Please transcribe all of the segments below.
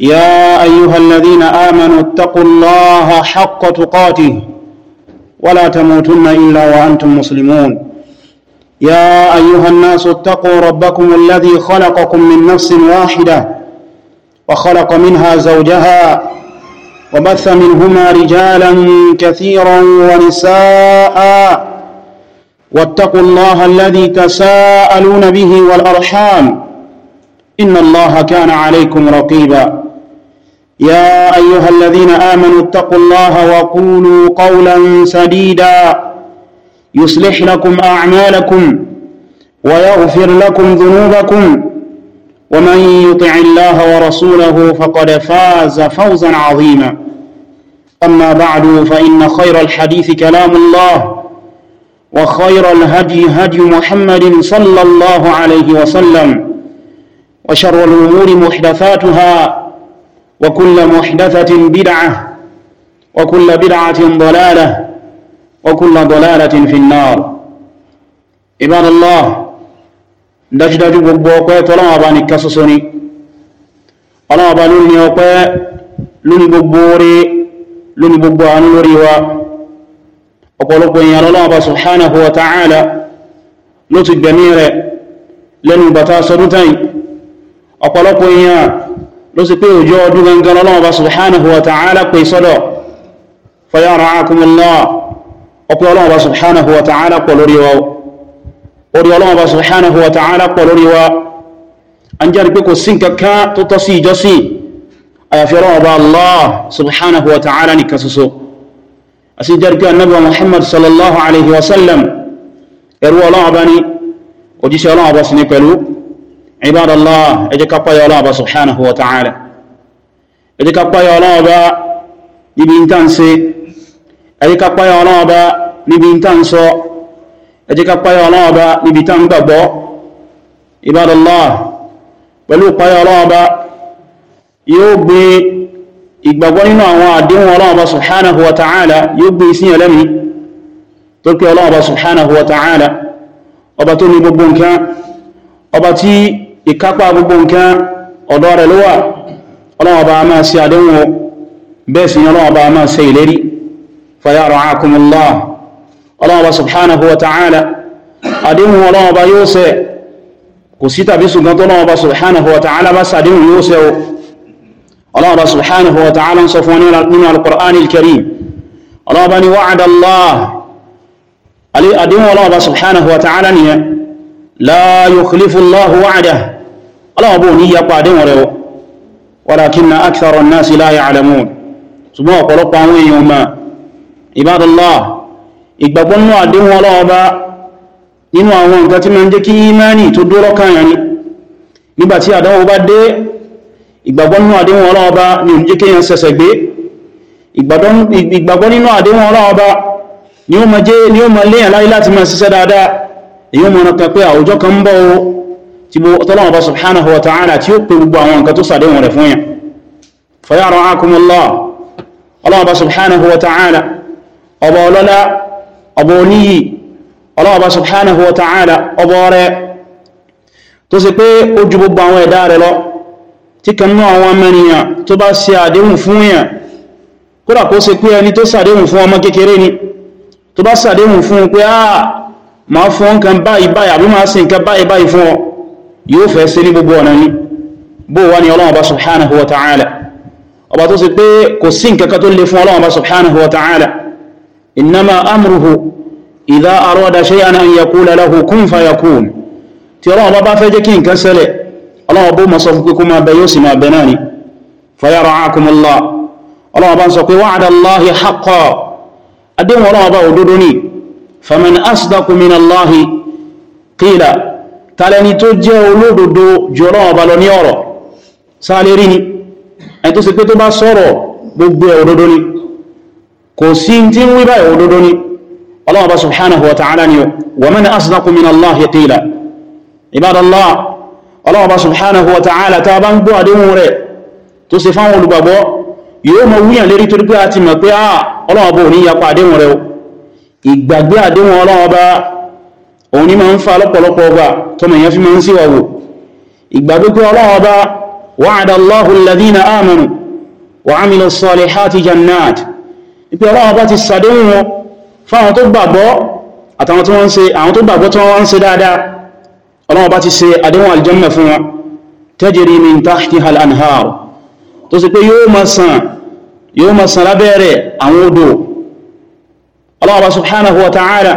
يا ايها الذين امنوا اتقوا الله حق تقاته ولا تموتن الا وانتم مسلمون يا ايها الناس اتقوا ربكم الذي خلقكم من نفس واحده وخلق منها زوجها وبث منهما رجالا كثيرا ونساء واتقوا الله الذي تساءلون به والارحام ان الله كان عليكم رقيبا يا ايها الذين امنوا اتقوا الله وقولوا قولا سديدا يصلح لكم اعمالكم ويغفر لكم ذنوبكم ومن يطع الله ورسوله فقد فاز فوزا عظيما اما بعد فان خير الحديث كلام الله وخير الهدي هدي محمد صلى الله عليه وسلم وشر الامور محدثاتها وكل محدثة بدعة وكل بدعة ضلالة وكل ضلالة في النار عباد الله dájúdájú gbogbo ọpẹ́ tọ́lọ́wọ́ bá ní kásọ́sọ́ ni ọlọ́wọ́ bá lórí ọpẹ́ lórí gbogbo orí lórí gbogbo àánú lórí wa ọ̀pọ̀lọpọ̀ èèyàn lọ́lọ́wọ́ bá subhanahu wa ta'ala ló ti gbẹ̀mí rẹ̀ lẹ́nu bàtà sọdútàn ọ̀pọ̀lọpọ̀ èèyàn ló sì pé òjò ọdún gangan lọ́wọ́ bá subhanahu wa ta'ala pè sọ́dọ̀ fayá ara akúnmọ́lá ọpẹ́ ọlọ́wọ́ bá subhanahu wa ta'ala pọ̀ lórí wa orí ọlọ́wọ́ bá subhanahu wa pọ̀ lórí wa an jẹ́ pé kò sí kankan tó tọ́ sí ìjọsìn àyàfi ọlọ́wọ́ ọlọ́wọ́ bá ibadallah ẹ jẹ́ ká páyà Ọlọ́run Ọba subhanahu wa ta'ala ẹ jẹ́ ká páyà Ọlọ́run Ọba níbi ń tàn sí ẹ jẹ́ ká páyà Ọlọ́run Ọba níbi ń tàn sọ ẹ jẹ́ ká páyà Ọlọ́run Ọba níbi tàn gbàgbọ́ ibadallah pẹ̀lú páyà Ọlọ́run Ọba yóò gbé ìgbàgbọ́ nínú ìkápá gbogbo nǹkan ọ̀dọ̀ rẹ̀ ló wà ọlọ́wọ́ bá máa ṣe àdéhùn bẹ́ẹ̀ sí ọlọ́wọ́ bá máa ṣe ìlérí fàyà ra'akumullah ọlọ́wọ́ bá subhanahu wa ta'ala àdéhùn ọlọ́wọ́ bá yóò ṣẹ ni wa'ada la yukhlifu Allahu wa'dahu ọlọ́wọ́ bó ní yapa àdéhùn rẹ̀ walakinna akthara an-nasi la ya'lamun ṣùgbọ́n ọ̀pọ̀lọpọ̀ àwọn èèyàn ma ibadallah ìgbàgbọ́ nínú àdéhùn ọlọ́wọ́ bá nínú àwọn nǹkan tí ma ń jẹ́ kí imani tó dúró kanyà ni nígbàtí àdánwò bá dé ìgbàgbọ́ nínú àdéhùn ọlọ́wọ́ bá ni ò ó ma léyàn láyé láti ma ṣiṣẹ́ dáadáa èyí mọ̀nà kan pé àwùjọ kan ń bọ́ o tí bó ọ̀tọ́lọ́wọ́ bá subhanahu wa ta'ala tí ó pè gbogbo àwọn nǹkan tó sàdéhùn rẹ̀ fún yàn fayára akumullah ọlọ́wọ́ bá subhanahu wa ta'ala ọba ọlọ́lá ọba oníyì ọlọ́wọ́ bá subhanahu wa ta'ala ọba ọrẹ tó sì pé ó ma fún nǹkan báyìí báyìí àbí ma sí nǹkan báyìí báyìí fún ọ yóò fẹ́ sí ní gbogbo ọ̀nà yìí bó wá ní ọlọ́wọ́ bá subhanahu wa ta'ala ọba tó sì pé kò sí nǹkan kan tó lè fún ọlọ́wọ́ bá subhanahu wa ta'ala innama amruhu idha arada shay'an an yaqula lahu kun fayakun tí ọlọ́wọ́ ma sọ fún pé kó máa bẹ faman asdaqu min Allahi qila tàlẹni tó jẹ́ olódodo jọrọ ọba lọ ní ọ̀rọ̀ sáàlérí ni ẹni tó sì pé tó bá sọ̀rọ̀ gbogbo òdodo ni kò sí tí ń wíbá òdodo ni ọlọ́wọ́ bá subhanahu wa ta'ala ni wa man asdaqu min Allahi qila ibadallah ọlọ́wọ́ bá ìgbàgbé àdéhùn ọlọ́run ọba òun ni máa ń fa lọ́pọ̀lọpọ̀ ọba tọmọ èèyàn fi máa ń síwàwò ìgbàgbé pé ọlọ́run ọba wa'ada Allahu alladhina amanu wa 'amilu s-salihati jannat ipe ọlọ́run ọba ti sàdéhùn wọn fáwọn tó gbàgbọ́ àtàwọn yóò máa sàn yóò máa àwọn odò الله سبحانه وتعالى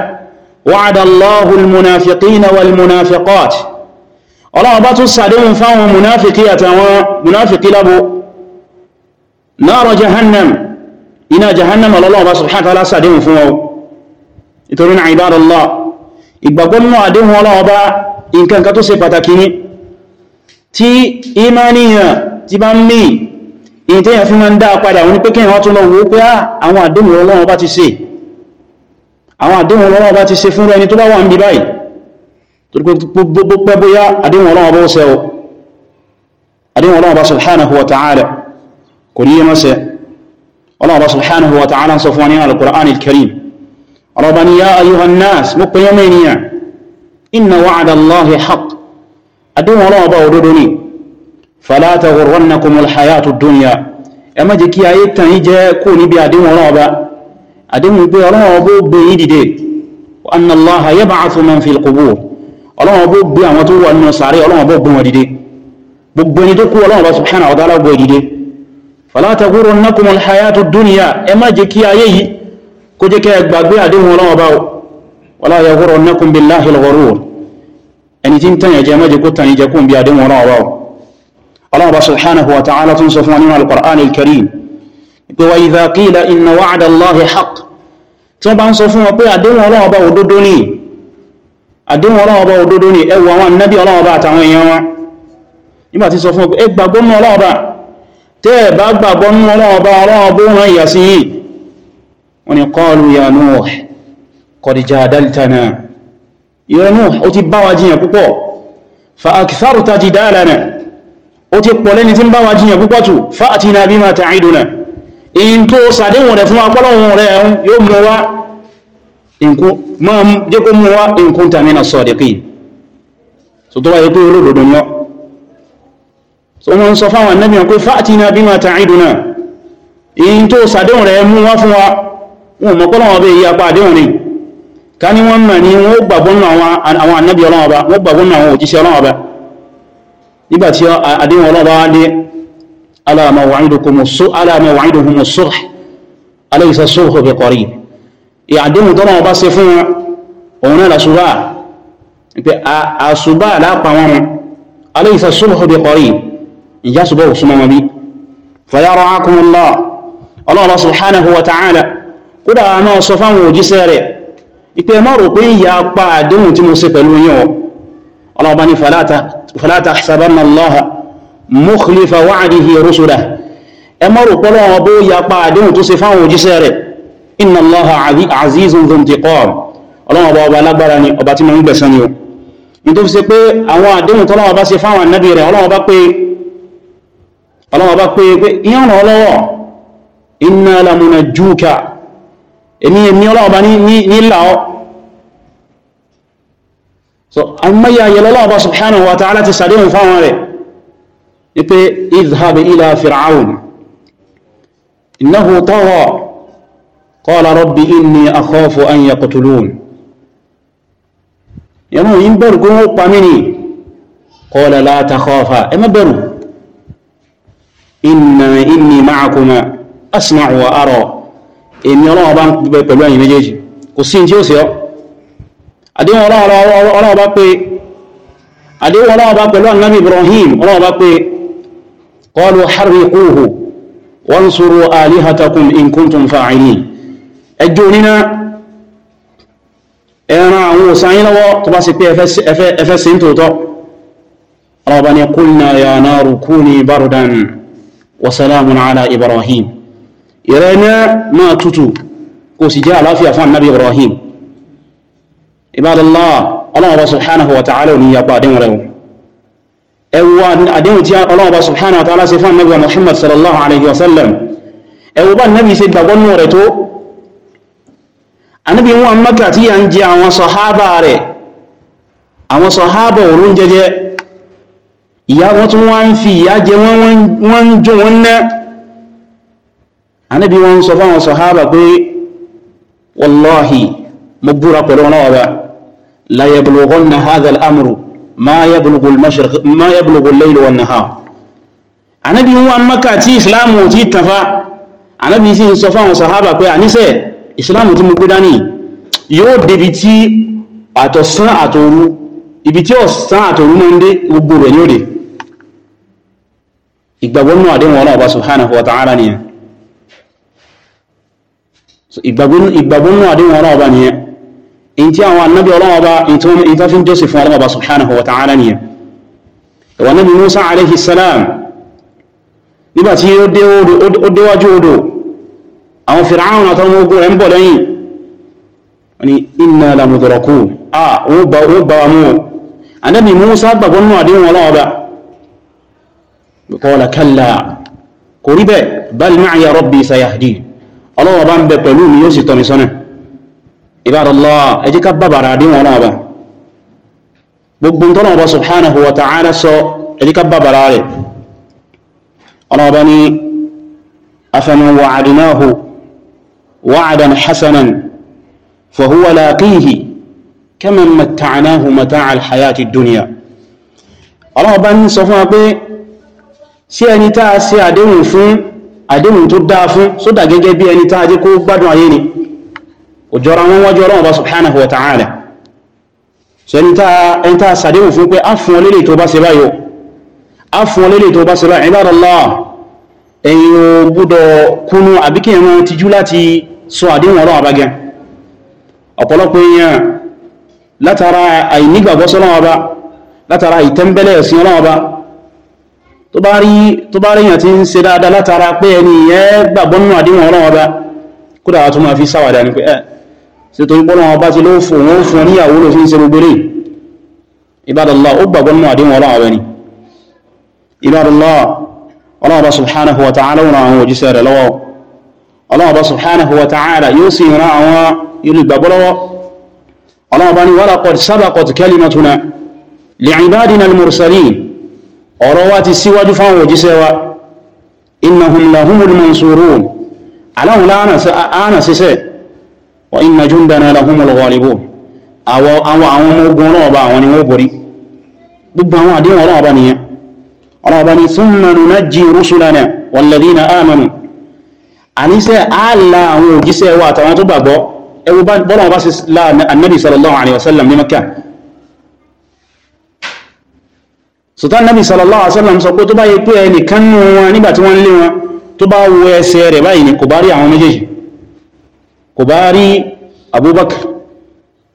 وعد الله المنافقين والمنافقات الله بات السادين فهو منافقية ومنافق لبو نار جهنم إنا جهنم الله سبحانه وتعالى سادين فهو يترون عباد الله إقبقون معدين الله با إن كان كتو سيبتكيني تي إيمانية تبامي إن تيها في من دا قدا ونبكين هاتو لو وقيا أو عدين الله بات السادين àwọn àdéhùn Ọlọ́run bá ti ṣe fún ẹni tó bá wà ń bí báyìí torí pé gbogbo pẹ́ bóyá àdéhùn Ọlọ́run bá ó ṣẹ o àdéhùn Ọlọ́run bá subhanahu wa ta'ala kò ní yé mọ́sẹ̀ Ọlọ́run bá subhanahu wa ta'ala sọ fún wa ní al-Qur'an al-Karim ọlọ́ba ni ya ayyuhan nas àdéhùn pé ọlọ́run ọbó gbé yí dìde anna Allaha yab'athu man fil qubur ọlọ́run ọbó gbé àwọn tó wà nínú sàárè ọlọ́run ọbó gbé wọn dìde gbogbo ẹni tó kú ọlọ́run ọba subhanahu wa ta'ala gbé dìde fala taghurrannakum al-hayatu dunya ẹ má jẹ́ kí ayé yìí kó jẹ́ kẹ́ gbàgbé àdéhùn ọlọ́run ọba wala yaghurrannakum billahi tún sọ fún wa nínú al-Qur'an pé wa idha qila inna wa'da Allahi haqq tí wọ́n bá ń sọ fún wọn pé àdéhùn Ọlọ́run Ọba òdodo ni àdéhùn Ọlọ́run Ọba òdodo ni ẹwọ àwọn annabi Ọlọ́run Ọba àtàwọn èèyàn wọn nígbà tí sọ fún ẹ gbàgbọ́ mọ́ Ọlọ́run Ọba tẹ́ bá gbàgbọ́ mọ́ Ọlọ́run in tó sàdéhùn rẹ̀ fún apọ́lọ́hun rẹ̀ yóò mú wá máa jẹ́ kó mú wá in kunta mina sadiqin so tó wáyé pé olódodo yọ so wọ́n sọ fáwọn annabi pé fa'tina bima ta'iduna in tó sàdéhùn rẹ̀ mú wá fún wa wọn mọ̀ pọ́lọ́hun bẹ́ yí apá àdéhùn ni ká ألا موعدكم الصبح ألا موعدهم الصبح أليس الصبح بقريب يعدون طبعا بصفون هنا الأصباع الأصباع لا قوام أليس الصبح بقريب يصبح سمم بي فيرعاكم الله الله سبحانه وتعالى قد أما صفان وجساره ipe ma ro pe ya pa adehun ti mo se pelu yin o ọlọ́ọ̀bá ni fàlátà ṣàbánà lọ́ha mukhlifa wa'dihi rusulahu ẹ má rò pọ́lọ́ wọn bó yapa àdéhùn tó ṣe fáwọn òjíṣẹ́ rẹ̀ inna Allaha azizun dhu intiqam ọlọ́wọ́n ọba ọba alágbára ni ọba tí ma ń gbẹ̀san ni o ní tó fi ṣe pé àwọn àdéhùn tọ́lọ́wọ́ bá ṣe fáwọn ànábì rẹ̀ ọlọ́wọ́ bá pé yẹ lọ́wọ́ bá wa ta'ala ti sàdéhùn fáwọn rẹ̀ wípé izhab ila fir'aun innahu tagha qala rabbi inni akhafu an yaqtulun yẹmọ̀ yí bẹ̀rù kó wọ́n pa mini qala la takhafa ẹ má bẹ̀rù inna inni ma'akuma asma'u wa ara èmi ọlọ́wọ́ bá ń pẹ̀lú ẹ̀yin méjèèjì kò sí tí ó sì ọ́ àdéhùn ọlọ́wọ́ bá pé àdéhùn ọlọ́wọ́ bá pẹ̀lú annabi Ibrahim ọlọ́wọ́ bá pé qalu harriquhu wansuru alihatakum in kuntum fa'ilin ẹjọ́ níná ẹran àwọn òsáyín lọ́wọ́ tó bá sì pé ẹfẹ́ sí tòótọ́ ọba ni qulna ya naru kuni bardan wa salamun ala ibrahim ìrẹ́nà máa tutù kò sì jẹ́ àláfíà fún annabi ibrahim ibadallah Allah subhanahu wa ta'ala ni ya pàdé rẹ̀ ẹwọ àdéhùn tí ọlọ́wọ́ bá subhanahu wa ta'ala ṣe fún annabi muhammad sallallahu alaihi wasallam ẹwọ bá annabi ṣe gbàgbọ́ nù rẹ̀ tó annabi wọn maka tí ya ń jẹ àwọn sọ̀hábà rẹ̀ àwọn sọ̀hábà òun jẹjẹ ìyá wọn tún wọ́n ń fi ìyá jẹ wọ́n ń jù wọ́n ná ma yablughu al-mashriq ma yablughu al-layl wa an-nahar anabi wa makka tí islam ó ti tàn fá anabi sì ń sọ fá wọn sahaba pé anise islam tí mo gbé dání yóò débi tí àtọ̀sán àtòru ibi tí ọ̀sán àtòru mo nde gbogbo rẹ̀ ni ó dé ìgbàgbọ́ nu ade wọn Ọba subhanahu wa ta'ala ni ìgbàgbọ́ nu ade wọn Ọba ni in tí àwọn annabi ọlọ́wọ́ bá in tó fi ń jọ́sìn fún ọlọ́wọ́ bá subhanahu wa ta'ala nìyẹn ìwọ̀n nabi musa alaihi salam nígbàtí ó déwájú odò àwọn fir'aun àtàwọn ogun rẹ̀ ń bọ̀ lẹ́yìn wani inna la mudraku a ó bá wa mú annabi musa gbàgbọ́ nù àdéhùn ọlọ́wọ́ bá qala kalla kò bal ma'iya rabbi sayahdi ọlọ́wọ́ bá ń bẹ pẹ̀lú mi yóò sì tọ́ mi sọ́nà ìbáraláà ẹjẹ́ ká bàbàrà àdíwọn ọ̀nà ọba gbogbo tọ́nà ọba subhanahu wa ta'ala sọ ẹjẹ́ ká bàbàrà rẹ̀ ọ̀nà ọba ni afẹ́nu wa'adinahu wa'adan hasanan fahuwa laqihi kẹmẹ mata'anahu mata'al hayati duniya ọ̀nà ọba ni sọ fún wa sí ẹni tá a àdéhùn fún àdéhùn tó dáa fún sódà gẹ́gẹ́ bí ẹni tá jẹ́ kó gbádùn ayé ni òjọ́ra wọn wájú ọlọ́run bá subhanahu wa ta'ala so ẹni tá sàdéhùn fún pé a fún ọlẹ́lẹ́ tó bá ṣe báyò a fún ọlẹ́lẹ́ tó bá ṣe báyò ibadallah ẹ̀yin ò gbọ́dọ̀ kúnnú àbíkẹ́ ẹ̀mọ́ tijú láti sọ àdéhùn ọlọ́run bá gẹn ọ̀pọ̀lọpọ̀ èèyàn látara àìnígbàgbọ́sọ́ ọlọ́run bá látara ìtẹ́mbẹ́lẹ̀ ẹ̀sìn ọlọ́run bá tó bá rí èèyàn máa fi sáwàdà ní pé ẹ̀ sí torí bọ́nà ọba ti ló fún wọn fún níyàwó ló fi ń ṣe gbogbo rẹ̀ ibadallah ó gbàgbọ́ nínú àdéhùn ọlọ́run ọ̀rẹ́ ni ibadallah ọlọ́run ọba subhanahu wa ta'ala wọn àwọn òjíṣẹ́ rẹ̀ lọ́wọ́ ọlọ́run ọba subhanahu wa ta'ala yóò sì ran àwọn olùgbàgbọ́ lọ́wọ́ ọlọ́run ọba ni wa wa inna jundana lahumul ghalibun àwọn àwọn ọmọ ogun ọlọ́ọ̀bá àwọn ni wọ́n borí gbogbo àwọn àdéhùn ọlọ́ọ̀bá nìyẹn ọlọ́ọ̀bá ni thumma nunajji rusulana walladhina amanu àníṣẹ́ àlà àwọn òjíṣẹ́ wa àtàwọn tó gbàgbọ́ ẹwọ bọ́lọ̀ bá sì lá annabi sallallahu alaihi wasallam ní Makkah sultan nabi sallallahu alaihi wasallam sọ pé tó bá yẹ pé ẹnìkan nù wọn nígbà tí wọ́n lé wọn tó bá wo ẹsẹ̀ rẹ̀ báyìí ni kò bá rí àwọn kò bá rí abubakar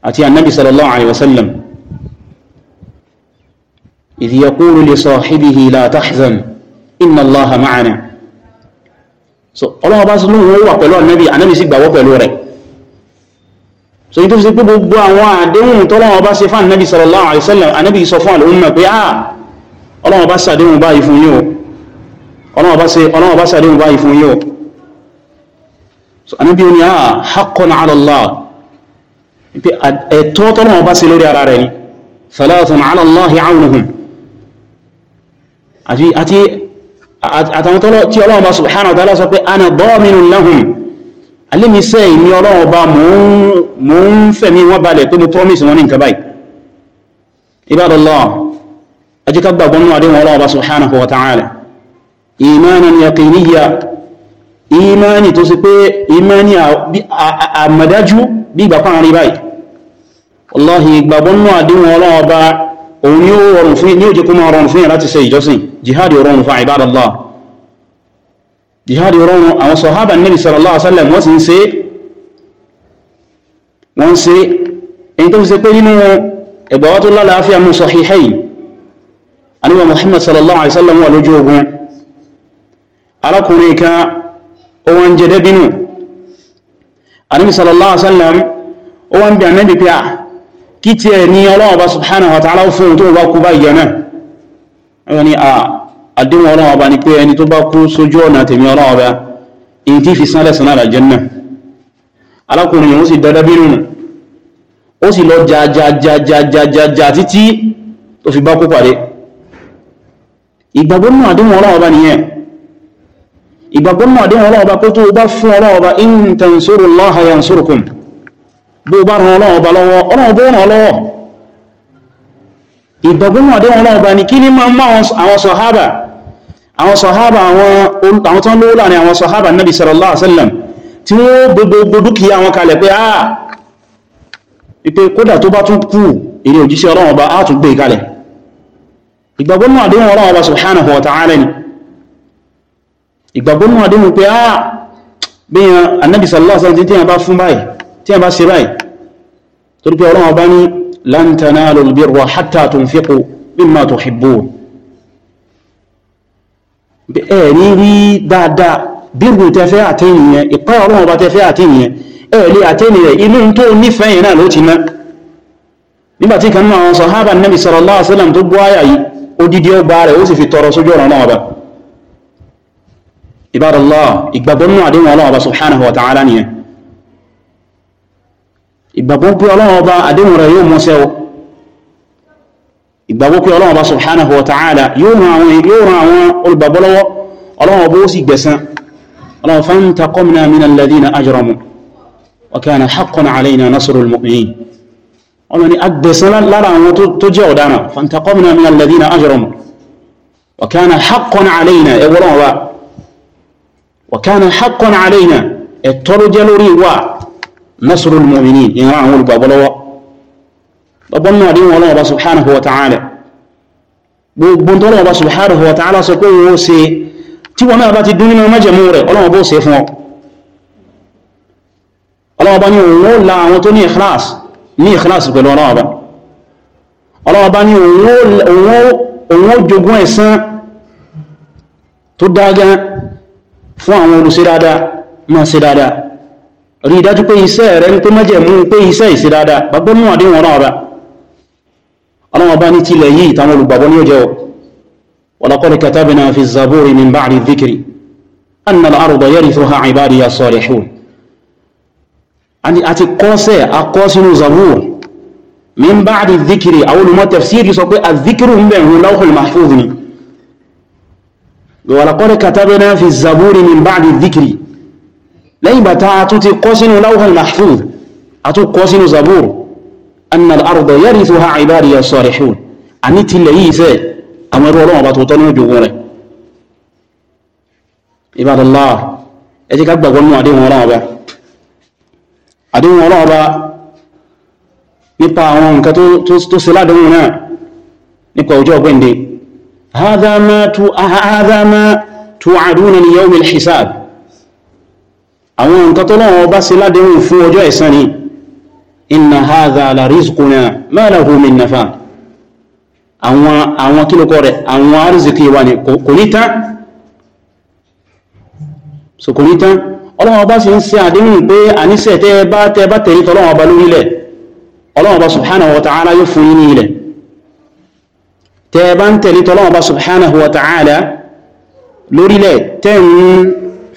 àti annabi sallallahu alaihi wasallam idh yaqulu li sahibihi la tahzan inna allaha ma'ana so ọlọ́wọ́ bá sí lóhun wà pẹ̀lú annabi annabi sì gbàwọ́ pẹ̀lú rẹ̀ so yí tó fi sí pé gbogbo àwọn àdéhùn tọ́lọ́wọ́ bá sí fún annabi sallallahu alaihi wasallam annabi sọ fún al'umma pé ah ọlọ́wọ́ so anabi ni a ah, haqqan ala Allah pé ẹ̀tọ́ tọ́lọ́wọ́ bá sí lórí ara rẹ̀ ni thalathun ala Allah awnuhum àti àtàwọn tọ́lọ́ tí Ọlọ́run bá subhanahu wa ta'ala sọ pé ana daminun lahum alẹ́mìíṣẹ́ ìní Ọlọ́run bá mò ń fẹ̀mí wọ́n balẹ̀ pé mo promise wọn ní nǹkan báyìí ibadallah ajíkàgbàgbọ́nú àdéhùn ìmáni tó sì pé ìmáni àmàdájú bí ìgbàkan rí báyìí wallahi ìgbàgbọ́nà àdínwọ̀n ọlọ́wọ́ bá òun ni ó rọrùn fún ní òjò kúmọ̀ rọrùn fún láti ṣe ìjọsìn jihadi rọrùn fún ibadallah jihadi rọrùn àwọn sọ̀hábà nílì sallallahu alaihi wasallam wọ́n sì ń ṣe wọ́n ṣe èyí tó ṣe pé nínú ẹgbàwá tó lálàáfíà mú sahihayn aníwà muhammad sallallahu alákùnrin kan ó wọ́n jẹ dẹ́bínú anábi sallallahu alaihi wasallam ó wọ́n bí anábi pé à ah, kí tí ẹ ní ọlọ́wọ́ bá subhanahu wa ta'ala fún tó bá kú bá yọ náà wọ́n ni à àdínwọ̀ ọlọ́wọ́ bá ní pé ẹni tó bá kú sójú ọ̀nà tèmi ọlọ́wọ́ bá in ti fi sánlẹ̀ sánà àjẹ́nà alákùnrin yóò sì dọ́dọ́ bínú ó sì lọ jajajajajaja títí tó fi bá kú pàdé ìgbàgbọ́ náà ọlọ́wọ́ bá nìyẹn ìgbàgbọ́ náà dé ọlọ́ọba pé tó bá fún ọlọ́ọba in tansurullaha yansurkum bó bá ràn ọlọ́ọba lọ́wọ́ ọlọ́ọba ràn lọ́wọ́ ìgbàgbọ́ náà dé ọlọ́ọba ní kí ní máa má àwọn sọ̀hábà àwọn sọ̀hábà àwọn tán lówó láàrin àwọn sọ̀hábà e nabi ni ìgbàgbọ́ náà dínú pé áà ah, bí i Ànábì sallallahu alaihi wasallam tí a bá fún báyìí tí a bá ṣe báyìí torí pé Ọlọ́run bá ní lan tanalul birra hatta tunfiqu mimma tuhibbun ẹ̀ ní rí dáadáa bírù tẹfẹ́ tó nífẹ̀ẹ́yìn nígbàtí kan náà àwọn sàhábà Ànábì tó gbọ́ àyà odidi ọgbà rẹ̀ ó sì fi tọrọ sójú ọ̀rọ̀ náà bá Ibadallah ìgbàgbọ́ nínú àdéhùn ọlọ́run ọba subhanahu wa ta'ala nìyẹn ìgbàgbọ́ pé ọlọ́run ọba àdéhùn rẹ̀ yóò mọ́sẹ́ o ìgbàgbọ́ pé ọlọ́run ọba subhanahu wa ta'ala yóò ran àwọn olùgbàgbọ́ lọ́wọ́ ọlọ́run ọba ó sì gbẹ̀san ọlọ́run fantaqamna minal ladhina ajramu wa kana haqqan alayna nasrul mu'minin ọmọ ni agbẹ̀san lára àwọn tó jẹ́ ọ̀daràn fantaqamna minal ladhina ajramu wa kana haqqan alayna ẹwọ́lọ́run ọba وكان حقا علينا الترجى لوري و نصر المؤمنين إن رأوا البابلوة ربنا دين الله سبحانه وتعالى gbogbo tọ́lọ̀ ọba subhanahu wa ta'ala sọ pé wọ́n ṣe tí wọ́n náà bá ti dún nínú májẹ̀mú rẹ̀ ọlọ́wọ́ bó ṣe fún ọ ọlọ́wọ́ bá ní òun àwọn tó ní ikhlas ní ikhlas fún àwọn olùṣe dáadáa máa ṣe dáadáa rí dájú pé iṣẹ́ rẹ̀ ń pé májẹ̀mú pé iṣẹ́ ìṣe dáadáa gbàgbọ́ mú àdéhùn ọ̀rọ̀ ọba ọlọ́run ọba ní tilẹ̀ yìí táwọn olùgbàgbọ́ ní min ba'di dhikri anna al-arda yarithuha ibadiya salihun àti kọ́sẹ̀ min ba'di lawhul mahfuz ni walaqad katabna fi zaburi min ba'di dhikri lẹ́yìn bá ta tún ti kọ́ sínú lawhal mahfuz a tún kọ́ sínú zabur anna al-arda yarithuha ibadiya as-salihun a ní tilẹ̀ yìí fẹ́ nípa àwọn nǹkan tó ṣe ládéhùn náà nípa ọjọ́ ọgbẹ́ndé هذا ما هذا ما توعدون ليوم الحساب àwọn nǹkan t'Ọlọ́run bá ṣe ládéhùn fún ọjọ́ ẹ̀san ni inna hadha la rizquna ma lahu min nafa àwọn àwọn kílùkọ́ rẹ̀ àwọn arziki wa ni kò ní tán so kò ní tán Ọlọ́run bá sì ń ṣe àdéhùn pé àníṣẹ́ tẹ́ bá tẹ́ bá tẹ̀lé t'Ọlọ́run bá lórílẹ̀ Ọlọ́run bá subhanahu wa ta'ala yóò fún yín ní ilẹ̀ tẹ́ bá ń tẹ̀lé tọ́lọ́wọ́ bá subhanahu wa ta'ala lórílẹ̀ tẹ́ ń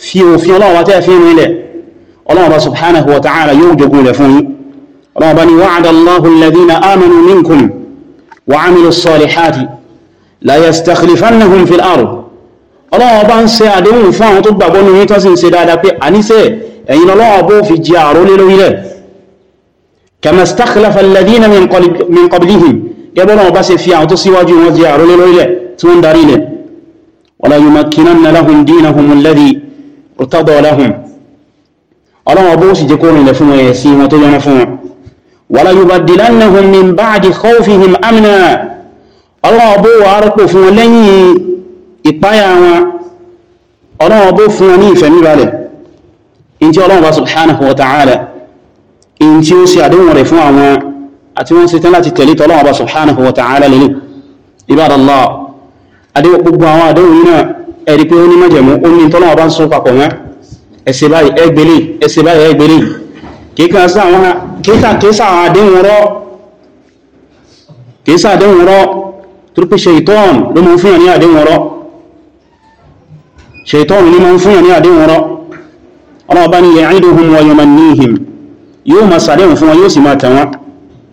fi òfin ọlọ́wọ́ tẹ́ fi rinlẹ̀ ọlọ́wọ́ bá subhanahu wa ta'ala yóò jogun rẹ̀ fún yín ọlọ́wọ́ bá ni wa'ada Allahu alladhina amanu minkum wa 'amilu s-salihati la yastakhlifannahum fil ard ọlọ́wọ́ bá ń ṣe àdéhùn fún gẹ́bọ́nà ọba ṣe fi àwọn tó síwájú wọn jẹ àrólé lórílẹ̀ tí wọ́n darí ilẹ̀ wala yumakkinanna lahum dinahum alladhi irtada lahum ọlọ́wọ́ bó sì jẹ́ kó rìnlẹ̀ fún ẹ̀ sí wọn tó yọna fún wọn wala yubaddilannahum min ba'di khawfihim amna ọlọ́wọ́ bó wà rọ́pò fún wọn lẹ́yìn àti wọ́n ṣetán láti tẹ̀lé tọ́lọ́wọ́ bá subhanahu wa ta'ala lè ibadallah adéwọ̀ gbogbo àwọn àdéhùn yìí náà ẹ̀rí pé ó ní májẹ̀mú ó ní tọ́lọ́wọ́ bá ń sọ papọ̀ mẹ́ ẹ̀sẹ̀ báyìí ẹgbẹ̀lẹ̀ yóò ma sàdéhùn fún wọn yóò sì máa tẹ̀wọ́n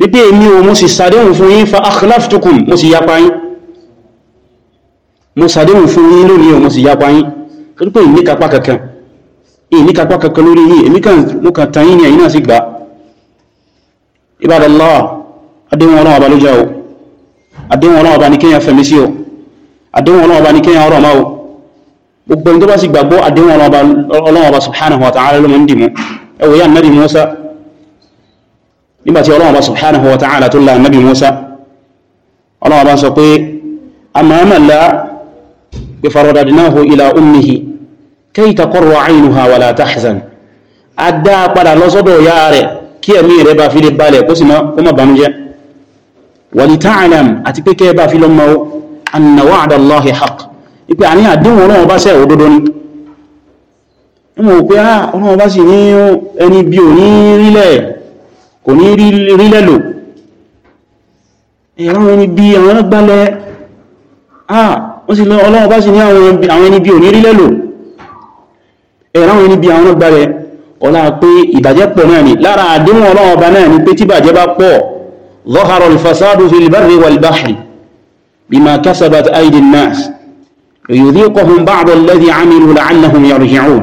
wípé èmi o mo sì sàdéhùn fún yín fa akhlaftukum mo sì yapa yín mo sàdéhùn fún yín lónìí o mo sì yapa yín torí pé ìníkapá kankan ìníkapá kankan lórí yín èmi kan mo kàn tàn yín ni ẹ̀yin náà gbà Ibadallah adéhùn adéhùn ọlọ́run ọba ní kéèyàn fẹ̀mí sí o adéhùn ọlọ́run ọba ní kéèyàn ọ̀rọ̀ máa o gbogbo ẹni tó bá sì gbàgbọ́ adéhùn ọlọ́run ọba subhanahu wa ta'ala ló mọ̀ ń dì mú ẹ̀wọ̀ yá nígbàtí ọlọ́wọ́ bá subhanahu wa ta'ala tó la nabi musa ọlọ́wọ́ bá sọ pé a máa mọ̀lá pé faradadnahu ila ummihi kay taqarra aynuha wa la tahzan a dá padà lọ́sọ́dọ̀ ya rẹ̀ kí ẹ̀mí rẹ̀ bá fi lè balẹ̀ kó sì má bàmújẹ́ wa li ta'lam àti pé kẹ́ kò ní rí lẹ́lò ẹ̀rọ ẹni bí àwọn gbálẹ̀ ah wọ́n sì lọ ọlọ́wọ́ bá sì ní àwọn ẹni bí ò ní rí lẹ́lò ẹ̀rọ ẹni bí àwọn gbálẹ̀ ọlá pé ìbàjẹ́ pọ̀ náà ni lára àdéhùn ọlọ́wọ́ bá náà ni pé tí bàjẹ́ bá pọ̀ zahara al-fasadu fil barri wal bahri bima kasabat aydin nas yudhiquhum ba'da alladhi 'amilu la'annahum yarji'un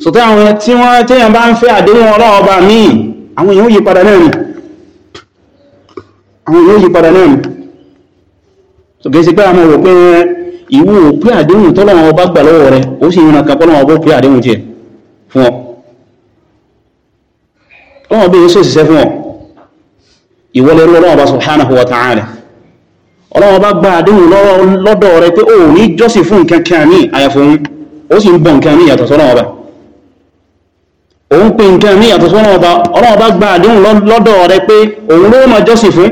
so tí àwọn tí wọ́n tẹ́yàn bá ń fẹ́ àdéhùn ọlọ́run ọba míì àwọn èèyàn yí padà náà ni àwọn èèyàn yí padà náà ni so gẹ́sí pé àwọn òpin ìwú òpí àdéhùn tọ́lọ́run ọba gbà lọ́wọ́ rẹ ó sì yína kan ọba ó sì ń bọ̀ nǹkan ní ìyàtọ̀ sọ́lọ́run ọba òun pè nǹkan ní àtọ́sí wọn ọba ọlọ́run bá gba àdéhùn lọ́dọ̀ rẹ pé òun ló mọ̀ jọ́sìn fún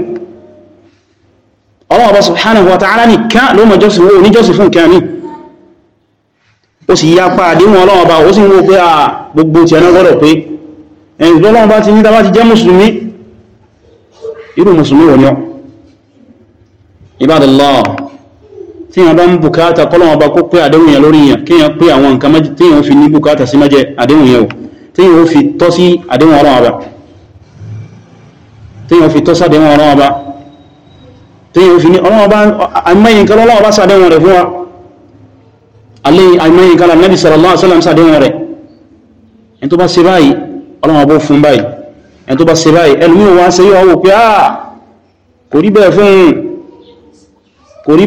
ọlọ́run bá subhanahu wa ta'ala nìkan ló mọ̀ jọ́sìn fún òní jọ́sìn fún nǹkan ní ó sì yá pa àdéhùn ọlọ́run bá ó sì ń wo pé à gbogbo ti ẹ̀nà gbọ́dọ̀ pé ẹ̀yìn ọlọ́run bá ti ní tàbá tí yóò fi tọ́ sí àdéhùn ọ̀rọ̀ ọba tí yóò fi tọ́ sí àdéhùn ọ̀rọ̀ ọba tí yóò fi ní ọ̀rọ̀ ọba àmẹ́yìn kan lọ́wọ́ ọba sàdéhùn rẹ̀ fún wa alẹ́ àmẹ́yìn kan lọ́wọ́ sallallahu alaihi wasallam sàdéhùn rẹ̀ ẹni tó bá ṣe báyìí ọlọ́wọ́ bó fún báyìí ẹni tó bá ṣe báyìí ẹlùmí wá ṣe yíò wò pé àà kò rí bẹ́ẹ̀ fún un kò rí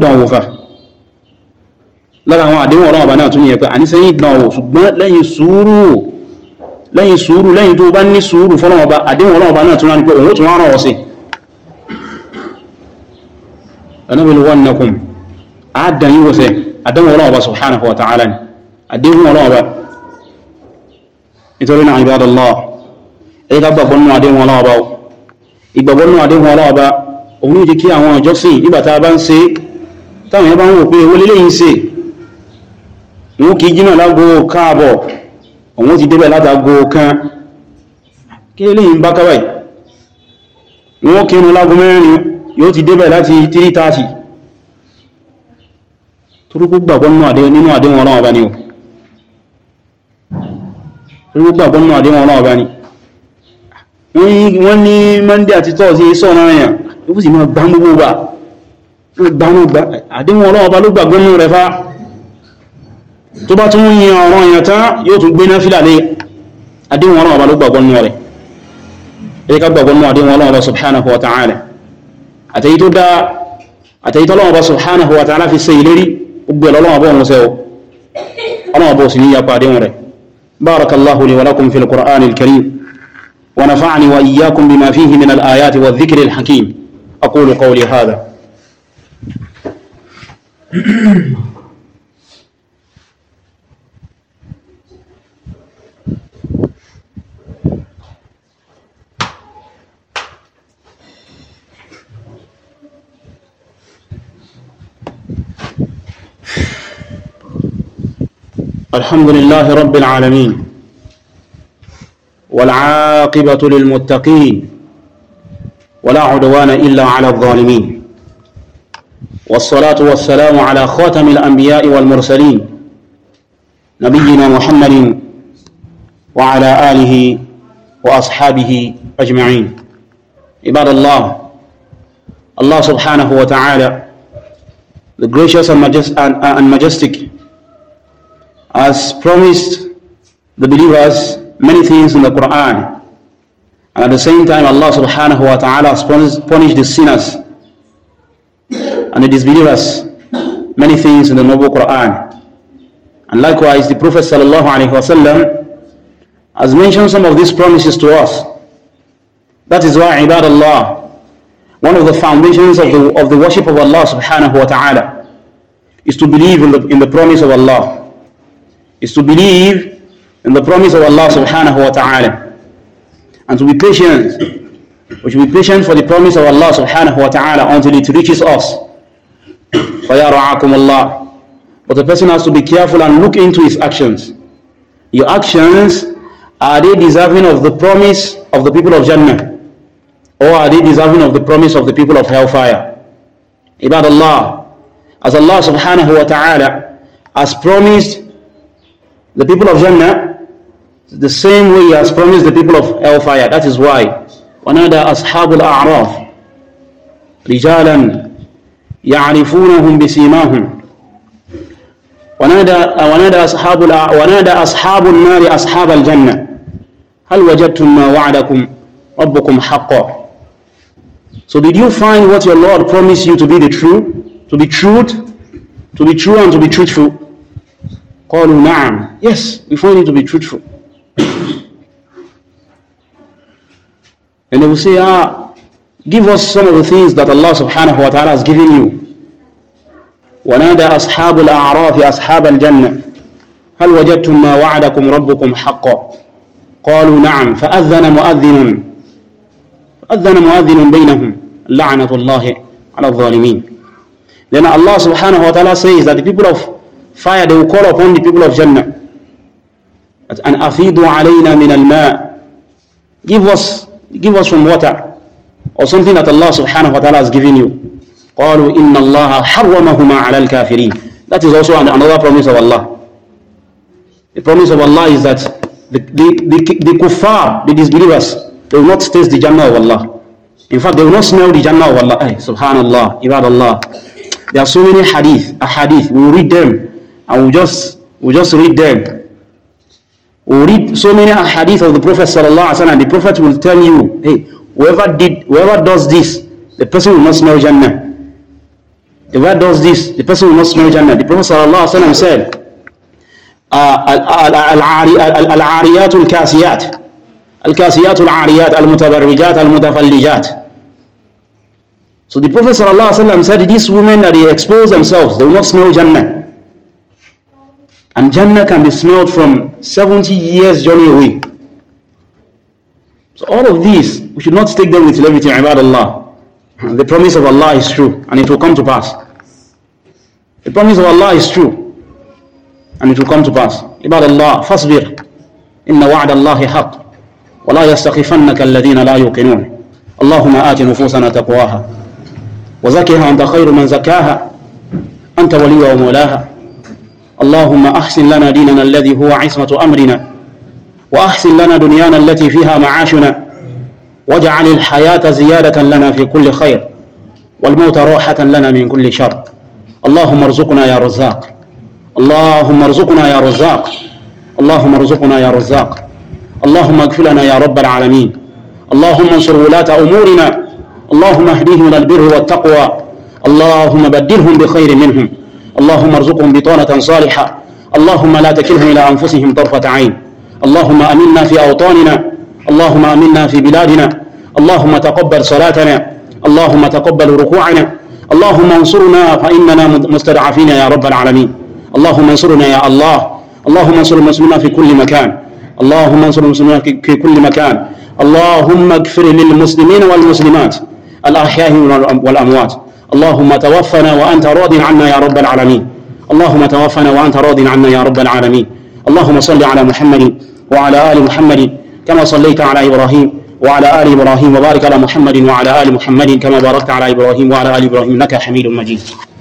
bẹ́ẹ̀ lára àwọn àdéhùn ọ̀rọ̀ ọba náà tún yẹ pé àníṣe yìí dán o ṣùgbọ́n lẹ́yìn sùúrù lẹ́yìn sùúrù lẹ́yìn tó bá ní sùúrù fọ́nà ọba àdéhùn ọ̀rọ̀ ọba náà tún rán ní pé òun tún rán ọ̀sẹ̀ ẹnubìlú wọn nàkùn àádàn yíwọ sẹ àdéhùn ọ̀rọ̀ ọba subhanahu wa ta'ala ni àdéhùn ọ̀rọ̀ ọba wọ́n kí jímọ̀ lágbó káàbọ̀ òun ti débẹ̀ látàgbó kan kí lè yìí ń bá káwàí wọ́n kí inú lágbó mẹ́rin yóò ti débẹ̀ láti 3:30 torúkú gbàgbọ́ nínú àdéhùn ọlọ́wọ́ bá ní o torúkú gbàgbọ́ nínú àdéhùn ọlọ́wọ́ bá ní wọ́n ní monday àti thursday sọ̀rọ̀ àyàn ó sì máa gbá gbogbo gbà àdéhùn ọlọ́wọ́ bá ló gbàgbọ́ rẹ̀ fáà tó bá tún yin ọ̀rọ̀ èèyàn tán yóò tún gbé náfílà lé adéhùn ọlọ́run ọba ló gbàgbọ́ nínú rẹ̀ ẹ̀yẹ́ ká gbàgbọ́ nínú adéhùn ọlọ́run ọba subhanahu wa ta'ala àtẹ̀yí tó dá àtẹ̀yí tọ́lọ́run ọba subhanahu wa ta'ala fi ṣe ìlérí gbogbo ọlọ́run ọba òun sẹ́wọ́ ọlọ́run ọba òsì ní yapa adéhùn rẹ̀ barakallahu li wa lakum الحمد لله رب العالمين والعاقبة للمتقين ولا عدوان إلا على الظالمين والصلاة والسلام على خاتم الأنبياء والمرسلين نبينا محمد وعلى آله وأصحابه أجمعين عباد الله الله سبحانه وتعالى the gracious and, majest and majestic has promised the believers many things in the Quran. And at the same time, Allah subhanahu wa ta'ala has punished, the sinners and the disbelievers many things in the noble Quran. And likewise, the Prophet sallallahu alaihi wasallam has mentioned some of these promises to us. That is why Allah, one of the foundations of the, of the worship of Allah subhanahu wa ta'ala, is to believe in the, in the promise of Allah is to believe in the promise of Allah subhanahu wa ta'ala and to be patient. We should be patient for the promise of Allah subhanahu wa ta'ala until it reaches us. But the person has to be careful and look into his actions. Your actions, are they deserving of the promise of the people of Jannah? Or are they deserving of the promise of the people of hellfire? Ibad Allah, as Allah subhanahu wa ta'ala has promised the people of Jannah the same way He has promised the people of Hellfire. That is why. وَنَادَى أَصْحَابُ الْأَعْرَافِ رِجَالًا يَعْرِفُونَهُمْ بِسِيمَاهُمْ ونادى ونادى أصحاب ونادى أصحاب النار أصحاب الجنة هل وجدتم ما وعدكم ربكم حقا So did you find what your Lord promised you to be the true, to be truth, to be true and to be truthful? قالوا نعم yes we find it to be truthful and they will say ah give us some of the things that Allah subhanahu wa ta'ala has given you ونادى أصحاب الأعراف أصحاب الجنة هل وجدتم ما وعدكم ربكم حقا قالوا نعم فأذن مؤذن فأذن مؤذن بينهم لعنة الله على الظالمين Then Allah subhanahu wa ta'ala says that the people of fire, they will call upon the people of Jannah. That, and afidu alayna min al Give us, give us from water. Or something that Allah subhanahu wa ta'ala has given you. قالوا إن الله حرمهما على الكافرين. That is also another promise of Allah. The promise of Allah is that the, the, the, the kuffar, the disbelievers, they will not taste the Jannah of Allah. In fact, they will not smell the Jannah of Allah. Ay, subhanallah, ibadallah. There are so many hadith, a hadith. We will read them and we just we just read them. We read so many hadith of the Prophet sallallahu alaihi wasallam. The Prophet will tell you, hey, whoever did, whoever does this, the person will not smell Jannah. Whoever does this, the person will not smell Jannah. The Prophet sallallahu alaihi wasallam said, العاريات الكاسيات الكاسيات العاريات المتبرجات المتفلجات So the Prophet ﷺ said, these women that they expose themselves, they will not smell Jannah. And Jannah can be smelled from 70 years journey away. So all of these, we should not take them with levity, ibad Allah. The promise of Allah is true, and it will come to pass. The promise of Allah is true, and it will come to pass. Ibad Allah, fasbir. إن وعد الله حق ولا يستخفنك الذين لا يوقنون اللهم آت نفوسنا تقواها وزكها أنت man من زكاها أنت ولي ومولاها اللهم أحسن لنا ديننا الذي هو عصمة أمرنا وأحسن لنا دنيانا التي فيها معاشنا واجعل الحياة زيادة لنا في كل خير والموت راحة لنا من كل شر اللهم ارزقنا يا رزاق اللهم ارزقنا يا رزاق اللهم ارزقنا يا رزاق اللهم اغفر لنا يا رب العالمين اللهم انصر ولاة أمورنا اللهم اهديهم إلى البر والتقوى اللهم بدلهم بخير منهم اللهم ارزقهم بطانة صالحة اللهم لا تكلهم إلى أنفسهم طرفة عين اللهم أمنا في أوطاننا اللهم أمنا في بلادنا اللهم تقبل صلاتنا اللهم تقبل ركوعنا اللهم انصرنا فإننا مستضعفين يا رب العالمين اللهم انصرنا يا الله اللهم انصر المسلمين في كل مكان اللهم انصر المسلمين في كل مكان اللهم اغفر للمسلمين والمسلمات الأحياء والأموات اللهم توفنا وأنت راض عنا يا رب العالمين اللهم توفنا وأنت راض عنا يا رب العالمين اللهم صل على محمد وعلى آل محمد كما صليت على إبراهيم وعلى آل إبراهيم وبارك على محمد وعلى آل محمد كما باركت على إبراهيم وعلى آل إبراهيم إنك حميد مجيد